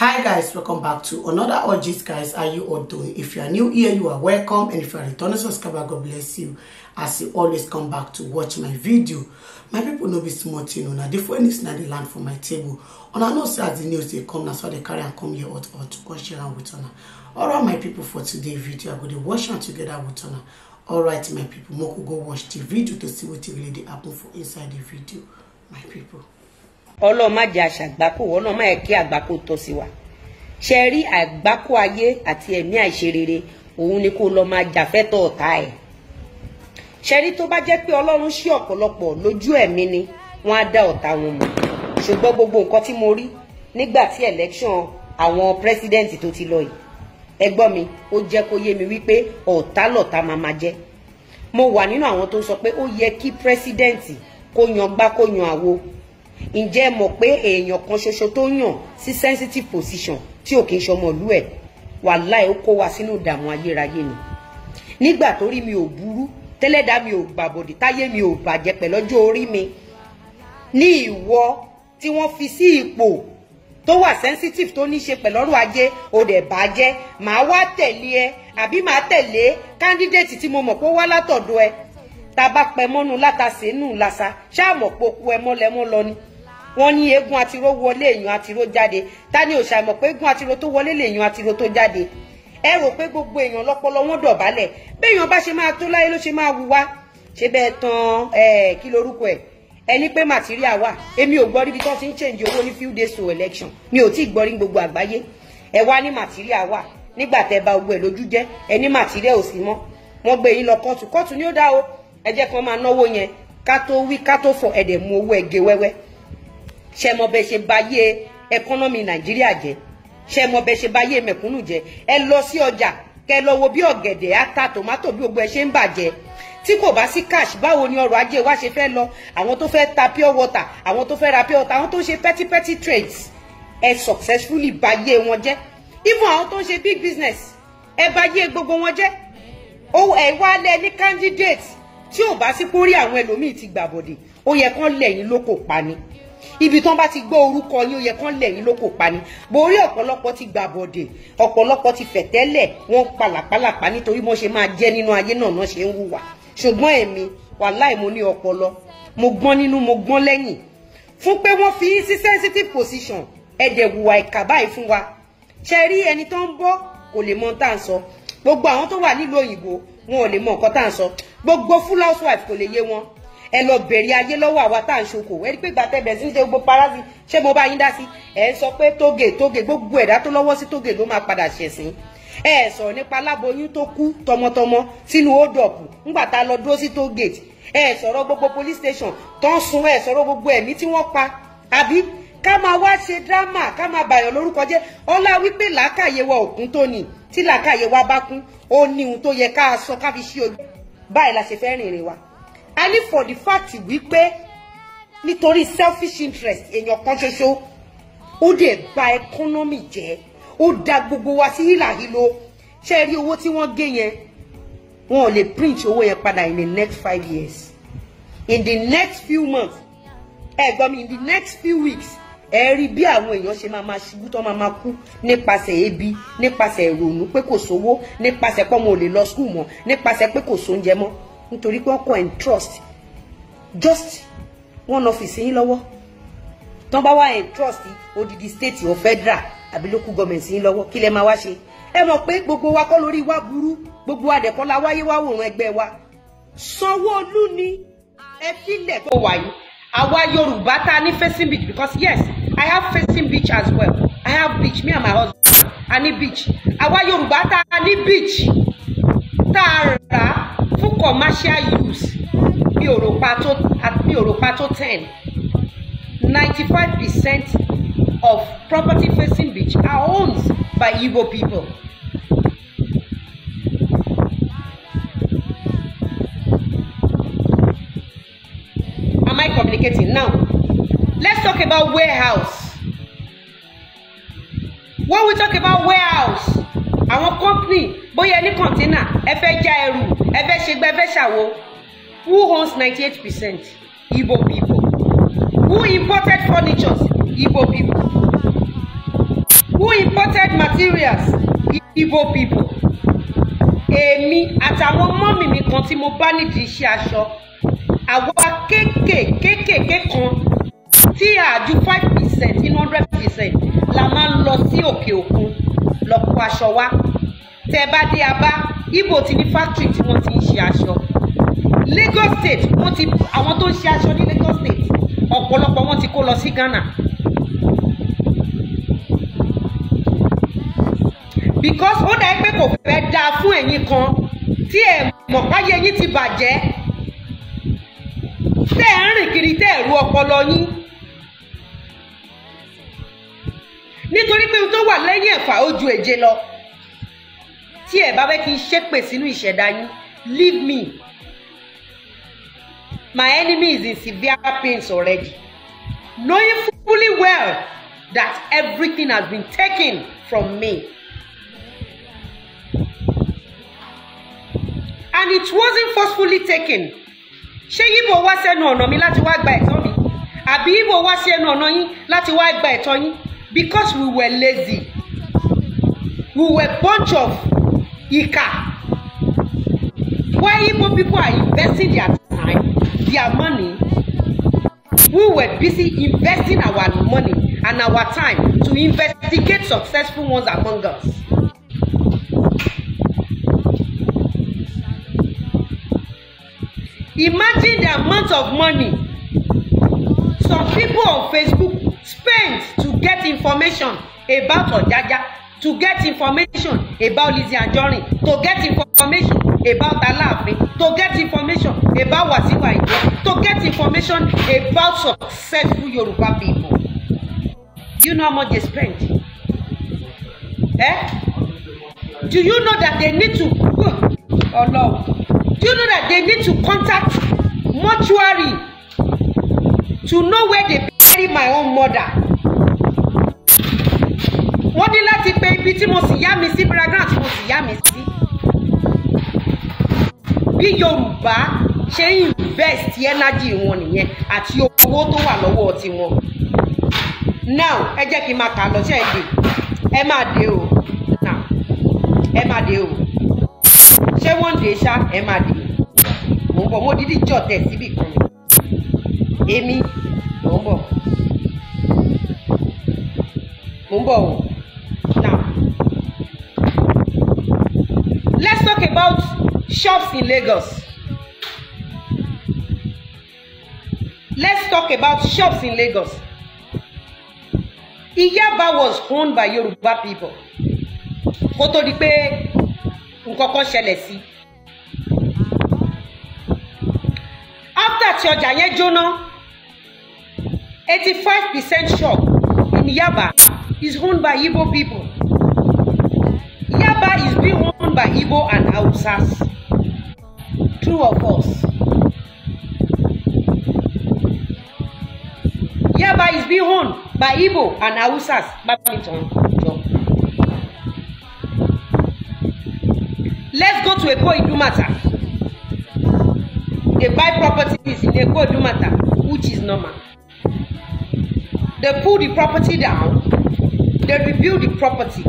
hi guys welcome back to another orgies guys are you all doing if you are new here you are welcome and if you are returning subscriber god bless you as you always come back to watch my video my people no be small thing una the phone is not the land for my table una know say as the news they come na so they carry and come here hot hot come share am with una all right my people for today video i go dey watch am together with una all right my people make go watch the video to see what really dey happen for inside the video my people ọlọ́run má jẹ́ àṣàgbákò ọlọ́run má yẹ kí àgbákò tọ́ sí wa ṣe rí àgbákò ayé àti ẹ̀mí àìṣerere òun ni kó lọ́ọ́ máa jàfẹ́tọ̀ ọ̀tá ẹ̀ ṣe rí tó bá jẹ́ pé ọlọ́run ṣí ọ̀pọ̀lọpọ̀ lójú ẹ̀mí ni wọ́n á dá ọ̀tá wọn mọ̀ ṣùgbọ́n gbogbo nǹkan tí mo rí nígbà tí election àwọn president tó ti lọ yìí ẹgbọ́n mi ó jẹ́ kó yé mi wípé ọ̀tá lọ̀tá máa máa jẹ́ mo wà nínú àwọn tó ń sọ pé ó yẹ kí president kó yan gbá kó yan àwo ǹjẹ́ mọ̀ pé èèyàn kan ṣoṣo tó yàn sí sensitive position tí ò kì í ṣọmọlú ẹ̀ wàláì ó kó wa sínú ìdààmú ayérayé ni nígbà tó rí mi ò burú tẹ́lẹ̀dá mi ò gbàbọ̀dì táyé mi ò bàjẹ́ pẹ̀ lọ́jọ́ orí mi ní ìwọ tí wọ́n fi sí ipò tó wà sensitive tó ní ṣe pẹ̀lú ọrọ̀ ajé ó dẹ̀ bàjẹ́ màá wá tẹ̀lé ẹ àbí màá tẹ̀lé candidate tí mo mọ̀ pé ó wá látọ̀dọ̀ ẹ tá a bá pẹ mọ́nu látàsínú làṣà ṣáà mọ̀ pé ó ẹ mọ́lẹ́mọ́ lọ ni wọ́n ní eégún atiro wọlé èèyàn atiro jáde ta ni òṣà mọ̀ pé eégún atiro tó wọlé lèèyàn atiro tó jáde ẹ rò pé gbogbo èèyàn lọ́pọlọ wọn dọ̀bálẹ̀ béèyàn bá ṣe máa tó láyé ló ṣe máa wùwá ṣe bẹ́ẹ̀ tán kí lorúkọ ẹ̀ ẹni pé màtíríà wà èmi ò gbọ́ níbi tó ti ń change owó ní few days to election mi ò tí ì gbọ́ rí gbogbo àgbáyé ẹ wá ní màtíríà wà nígbà tẹ ba gbogbo ẹ lójú jẹ ẹni màtíríà ò sí mọ́ wọ́n gbé yín lọ kóòtù kóòtù ni ó dá o ẹ jẹ́ kí wọ́n máa náwó yẹn ká tó wí ká tó fọ ẹ̀dẹ̀ mú owó ẹ̀gẹ́ wẹ́wẹ́ ṣe mọ bẹ ṣe báyé ẹkọ́nọ́mì nàìjíríà jẹ́ ṣe mọ bẹ ṣe báyé mẹ̀kúnnù jẹ́ ẹ lọ sí ọjà kẹ lọ wo bí ọ̀gẹ̀dẹ̀ ata tòmátò bí gbogbo ẹ ṣe ń bàjẹ́ tí kò bá sí cash báwo ni ọrọ̀ ajé wa ṣe fẹ́ lọ àwọn tó fẹ́ ta pure water àwọn tó fẹ́ ra pure water àwọn tó ń ṣe petipeti trades ẹ successfully báyé wọn jẹ́ even àwọn tó ń ṣe big business ẹ báyé gbogbo wọn jẹ́ owó ẹ wá lẹ ní candidate tí ò bá sí kórí àwọn ẹlòmíì ti gbàbọ̀dè ó yẹ kán lẹ́yìn lóko pa ni ibi tán bá ti gbọ́ orúkọ yín ó yẹ kán lẹ̀ yín lóko pa ni borí ọ̀pọ̀lọpọ̀ ti gbà bọ̀dẹ̀ ọ̀pọ̀lọpọ̀ ti fẹ̀tẹ́lẹ̀ wọ́n palàpalàpá nítorí wọ́n ṣe máa jẹ́ nínú ayé náà náà ṣe ń hùwà ṣùgbọ́n èmi wàláì mo ní ọpọlọ mo gbọ́n nínú mo gbọ́n lẹ́yìn fún pé wọ́n fi sí sensitive position ẹ̀dẹ̀ hùwà ìkà báyìí fún wa ṣe rí ẹni tó ń bọ́ kò lè mọ tá à ń sọ gbogbo àwọn tó wà nílùú òyìnbó wọn ò lè mọ nǹkan tá à ń sọ gbogbo full housewife kò lè yé wọn ẹ lọ bẹ̀rẹ̀ ayé lọ́wọ́ àwa tá à ń ṣoko ẹ rí pé ìgbà tẹ́bẹ̀ sí ṣe gbogbo parazi ṣé mo bá yín dá sí ẹ ń sọ pé tóge tóge gbogbo ẹ̀dá tó lọ́wọ́ sí tóge ló máa padà ṣẹ̀sìn ẹ sọ̀rọ̀ nípa aláboyún tó kú tọmọtọmọ sínú ódọ̀pù ńgbà tá a lọ dúró sí tógate ẹ sọ̀rọ̀ gbogbo police station tó ń sun ẹ sọ̀rọ̀ gbogbo ẹ̀mí tí wọ́n pa àbí ká máa wá ṣe dírámà ká máa bàyàn lórúkọ jẹ́ ọlá wípé làákàyè wa òkun tó ní tí làákàyè wa bá kún ó ní ohun tó yẹ ká sọ ká fi ṣí ojú báyìí la ṣe fẹ́ rìnrìn wa a for the fact wípé nitori selfish interest in your ṣoṣo ó dẹ̀ bà economy je, ó da gbogbo wa sí hílàhílo ṣe rí owó tí wọ́n gé yẹn wọn ò lè print owó yẹn padà in the next five years in the next few months ẹ gbọ́ mi in the next few weeks ẹ rí bí àwọn èèyàn ṣe máa máa ṣubú tó máa máa kú nípasẹ̀ ebi nípasẹ̀ ìrònú pé kò sówó nípasẹ̀ pé ọmọ ò lè lọ skul mọ́ nípasẹ̀ pé kò sóúnjẹ mọ́ nítorí pé wọ́n kọ́ and trust just one office yín lọ́wọ́ tán bá wá and trust odidi state or federal àbí local government yín lọ́wọ́ kí lẹ máa wá ṣe ẹ mọ̀ pé gbogbo wa kọ́ lórí wa burú gbogbo adẹ̀kọ́ la wáyé wá wòran ẹgbẹ́ wa Sanwó-Olú ni ẹ filẹ̀ tó wà yìí àwa Yorùbá ta ní facing beach because yes I have facing beach as well I have beach me and my husband a ní beach àwa Yorùbá ta ní beach tá a rà á commercial use bí òròpá tó bí òròpá tó ten ninety five percent of property facing beach are owned by Igbo people. Am I communicating now? Let's talk about warehouse. When we talk about warehouse àwọn company bóyá ní kọ̀ńtínà ẹ fẹ́ já ẹrù ẹ fẹ́ ṣe gbẹ ẹ fẹ́ ṣàwo who owns ninety eight percent Ibo people who imported furniture Ibo people who imported materials Ibo people èmi àtàwọn mọ́mì mi kan tí mo bá nídìí iṣẹ́ aṣọ àwa kéékèèké kan tí àjù five percent nínú hundred percent la máa ń lọ sí òkè òkun lọ kó aṣọ wá tẹ́ bá dé abá Ìgbò ti ní factory tí wọ́n ti ń ṣe aṣọ Lagos State wọ́n ti àwọn tó ń ṣe aṣọ ní Lagos State ọ̀pọ̀lọpọ̀ wọ́n ti kó lọ sí Ghana because ó dàí pé kò fẹ́ dáa fún ẹ̀yin kan tí ẹ̀ mọ̀ páyé yín ti bàjẹ́ tẹ́ ẹ̀ ń rìn kiri tẹ́ ẹ̀ ru ọpọlọ yín. nítorí pé ohun tó wà lẹ́yìn ẹ̀fà ó ju lọ tí ẹ̀ bá fẹ́ kí n ṣépè sínú ìṣẹ̀dá yín leave me my enemy is in severe pains already knowing fully well that everything has been taken from me and it wasn't forcefully taken ṣé yíbo wá sẹ́nu ọ̀nà mi láti wá gba ẹ̀tọ́ mi àbí yíbo wá sí ẹnu ọ̀nà yín láti wá gba ẹ̀tọ́ yín because we were lazy we were bunch of ika why igbo people are investing their time their money we were busy investing our money and our time to investigate successful ones among us. Imagine the amount of money some people on Facebook spend to get information about Ọ̀jájá to get information about Lizzy Anjorin to get information about Alaafin to get information about Wasiu Ayinde to get information about successful Yoruba people you know how much they spend eh do you know that they need to oh, oh no do you know that they need to contact mortuary to know where they bury my own mother wọ́n ní láti pe ibi tí mo sì yá mi sí paragraph tí mo sì yá mi sí bí Yorùbá ṣe ń invest energy wọn nìyẹn àti owó tó wà lọ́wọ́ tiwọn now ẹ jẹ́ kí n máa kà lọ sí ẹ̀dẹ̀ ẹ máa dé o now ẹ máa dé o ṣé wọ́n ń dé ṣá ẹ máa dé mò ń bọ̀ mo dídí jọ̀ tẹ̀ síbì kan èmi mò ń bọ̀ mò ń bọ̀ o. about shops in Lagos. Let's talk about shops in Lagos. Iyaba was owned by Yoruba people. Kó tó di pé nǹkan kan ṣẹlẹ̀ sí. After tí ọjà yẹn jóná, eighty five percent shop in Yaba is owned by Igbo people. Yaba is being owned owned by Igbo and Hausas. True or false? Yaba is being owned by Igbo and Hausas. Let's go to Eko Idumata. They buy properties in Eko Idumata, which is normal. They pull the property down, they rebuild the property,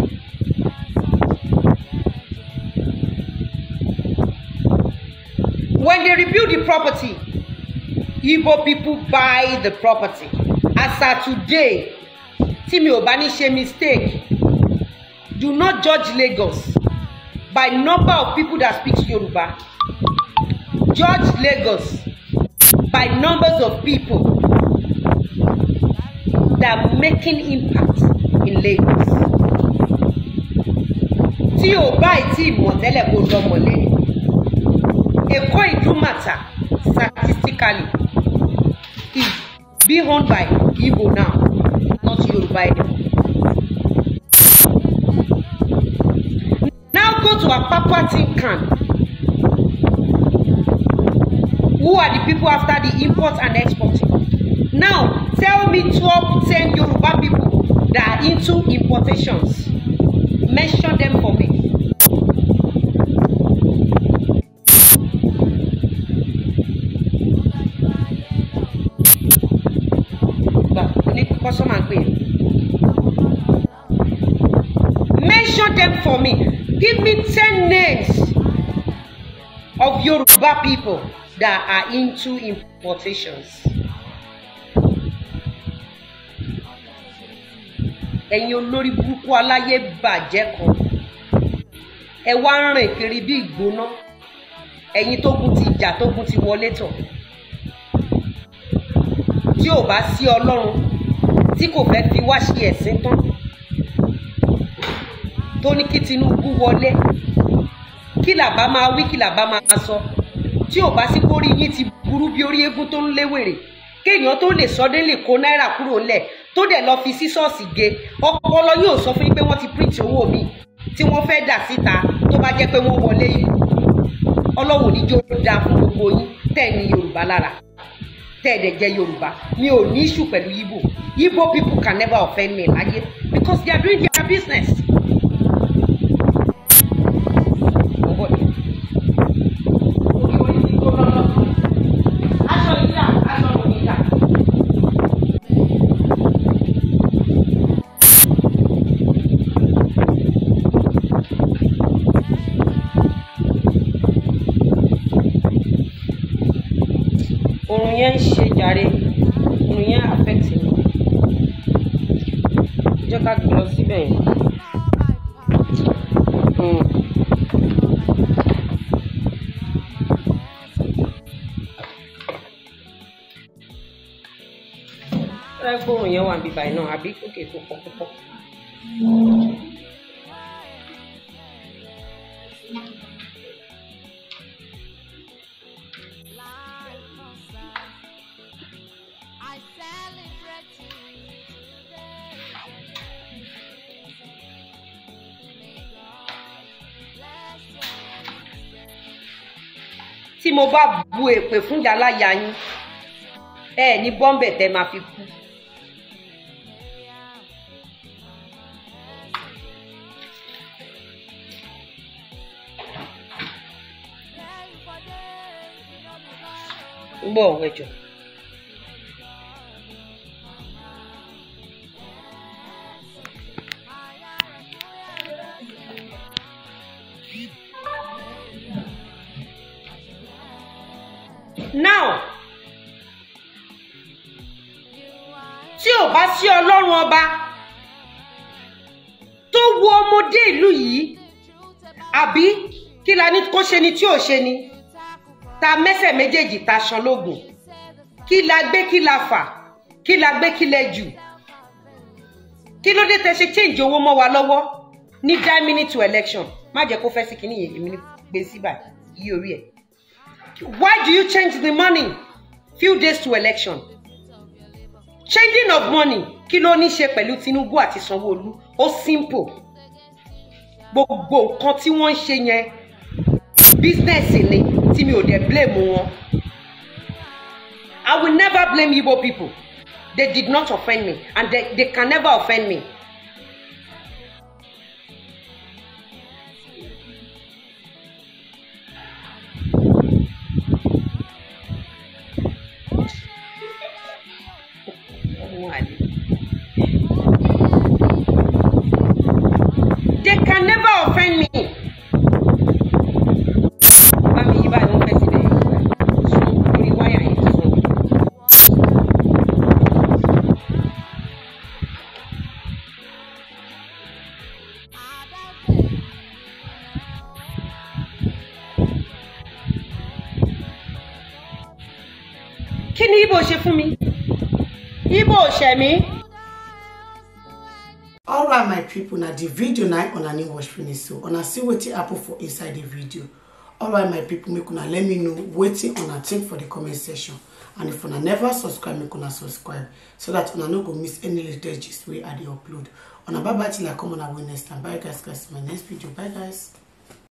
When they rebuild the property, Igbo people buy the property. As at today, Timi mi ò bá ṣe mistake, do not judge Lagos by number of people that speak Yoruba. Judge Lagos by numbers of people that are making impact in Lagos. Tí o bá ì tí ì mọ̀ tẹ́lẹ̀ kó A Èkó matter, statistically is being owned by Igbo now, not Yoruba anymore. Now go to Apapa tin can. Who are the people after the import and export? Now tell me twelve ten Yoruba people that are into importations. Mention them for me. Measure them for me. Give me 10 names of Yoruba people that are into importations. ẹ̀yin olórí burúkú aláyé bàjẹ́ kan ẹ wá ń rìn kiri bí ìgbóná ẹ̀yin tógun ti jà tógun ti wọlé tọ̀ tí ò bá sí ọlọ́run tí kò fẹ́ fi wá ṣe ẹ̀sìn tán tó ní kí Tinubu wọlé kí làbá máa wí kí làbá máa sọ tí ò bá sí kórí yín ti burú bí orí eégún tó ń léwèrè kéèyàn tó lè sọ délé kó náírà kúrò ńlẹ̀ tó dẹ̀ lọ fi sísọ́ọ̀sì ge ọpọlọ yóò sọ fún yín pé wọ́n ti print owó mi tí wọ́n fẹ́ dà síta tó bá jẹ́ pé wọ́n wọlé ìlú ọlọ́wọ́ oníjó dáa fún gbogbo yín tẹ̀ ní Yorùbá lára tẹ́ẹ̀dẹ̀ jẹ́ yorùbá mi ò ní issue pẹ̀lú Ibo Igbo people can never offend me láyé because they are doing their business. oorun yẹn ń ṣe jàre oorun yẹn affect mi jẹ́ ká gbé lọ síbẹ̀ hmm. yẹn. Tẹ́lẹ̀ gbóòrùn yẹn wà bíbá iná àbí òkè tó pọ̀ tí mo bá bu èpè fún ìyáláyà yín ẹ ní bọ́m̀bẹ̀ tẹ́ máa fi kú. ń bọ̀ wẹ̀jọ̀. wo ọmọdé ìlú yìí àbí kí la ní kó ṣe ni tí ò ṣe ni ta mẹ́sẹ̀ méjèèjì ta ṣanlógún kí la gbé kí la fà kí la gbé kí lẹ jù kí ló dé tẹ ṣe change owó mọ́ wa lọ́wọ́ ní die minute to election má jẹ́ kó fẹ́ sí kínní yẹn èmi ní gbé síbà yí orí ẹ̀ why do you change the money few days to election changing of money kí ló ní ṣe pẹ̀lú Tinubu àti sanwó ó simple gbogbo nǹkan tí wọ́n ń ṣe yẹn bísínẹ́sì ni tí mi ò dẹ̀ blame wọn. I will never blame Igbo people. They did not offend me and they, they can never offend me. one. ibo ṣe fún mi ibo ṣẹ̀ mi. alright my pipo na di video na una new watch finish so una see wetin happen for inside di video alright my pipo make una let me know wetin una think for di comment section and if una never subscribe make una subscribe so dat una no go miss any latest gist wey i dey upload una bye bye till i come una wey next time bye guys guys my next video bye guys.